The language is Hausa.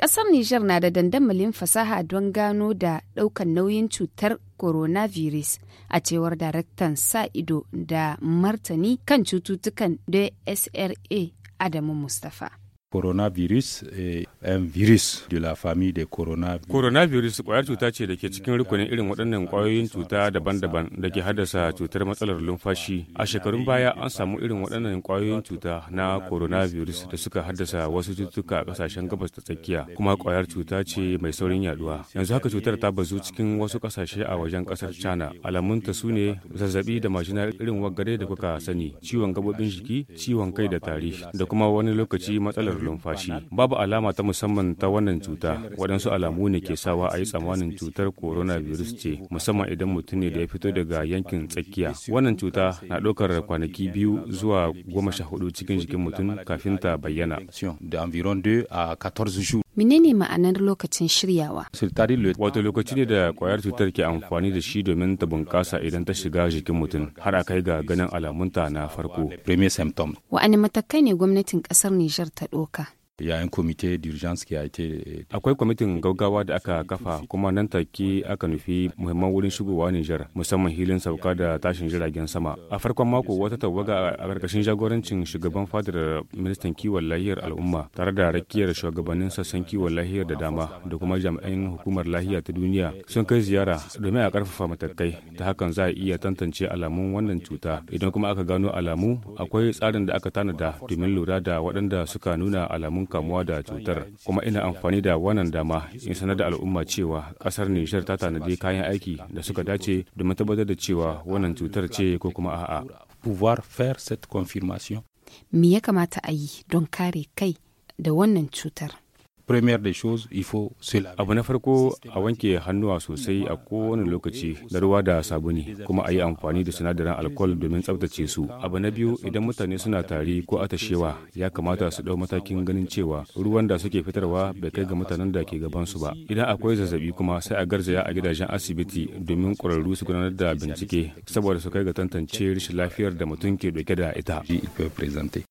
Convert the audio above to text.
Ƙasar Nijar na da dandamalin fasaha don gano da ɗaukan nauyin cutar coronavirus a cewar daraktan sa ido da martani kan cututtukan DSRA Adamu Mustapha. coronavirus eh, Um, virus de la famille de coronavirus. Coronavirus kwayar cuta ce da ke cikin rukunin irin waɗannan kwayoyin cuta daban-daban da ke haddasa cutar matsalar lumfashi. A shekarun baya an samu irin waɗannan kwayoyin cuta na coronavirus da suka haddasa wasu cututtuka a ƙasashen gabas ta tsakiya kuma kwayar cuta ce mai saurin yaduwa. Yanzu haka cutar ta bazu cikin wasu ƙasashe a wajen ƙasar China. Alamunta su ne zazzabi da majina irin wagare da kuka sani, ciwon gabobin jiki, ciwon kai da tari da kuma wani lokaci matsalar lumfashi. Babu alama ta musamman ta wannan cuta waɗansu alamu ne ke sawa a yi tsammanin cutar coronavirus ce musamman idan mutum ne da ya fito daga yankin tsakiya wannan cuta na ɗaukar kwanaki biyu zuwa goma sha hudu cikin jikin mutum kafin ta bayyana menene ma'anar lokacin shiryawa wato lokaci ne da kwayar cutar ke amfani da shi domin ta bunkasa idan ta shiga jikin mutum har a kai ga ganin alamunta na farko wa'ani matakai ne gwamnatin ƙasar nijar ta ɗauka. yayin komite d'urgence yi aite eh, akwai kwamitin gaggawa da aka kafa kuma nan take aka nufi muhimman wurin shigowa Nijar musamman hilin sauka da tashin jiragen sama a farkon mako wata tawaga a karkashin jagorancin shugaban fadar ministan kiwon lahiyar al'umma tare da rakiyar shugabannin sassan kiwon lahiyar da dama da kuma jami'an hukumar lahiya ta duniya sun kai ziyara domin a karfafa matakai ta hakan za a iya tantance alamun wannan cuta idan kuma aka gano alamu akwai tsarin da aka tanada domin lura da waɗanda suka nuna alamun kamuwa da cutar kuma ina amfani da wannan dama in sanar da al'umma cewa kasar Nijar ta tanadi kayan aiki da suka dace domin tabbatar da cewa wannan cutar ce ko kuma a'a. Pouvoir faire Me ya kamata a yi don kare kai da wannan cutar? Abu na farko a wanke hannuwa sosai a kowane lokaci da ruwa da sabuni kuma a yi amfani da sinadaran alkol domin tsaftace su. Abu na biyu idan mutane suna tari ko atashewa ya kamata su dau matakin ganin cewa ruwan da suke fitarwa bai kai ga mutanen da ke gaban su ba. Idan akwai zazzabi kuma sai a garzaya a gidajen asibiti domin ƙwararru su gudanar da bincike saboda su kai ga tantance rashin lafiyar da mutum ke dauke da ita.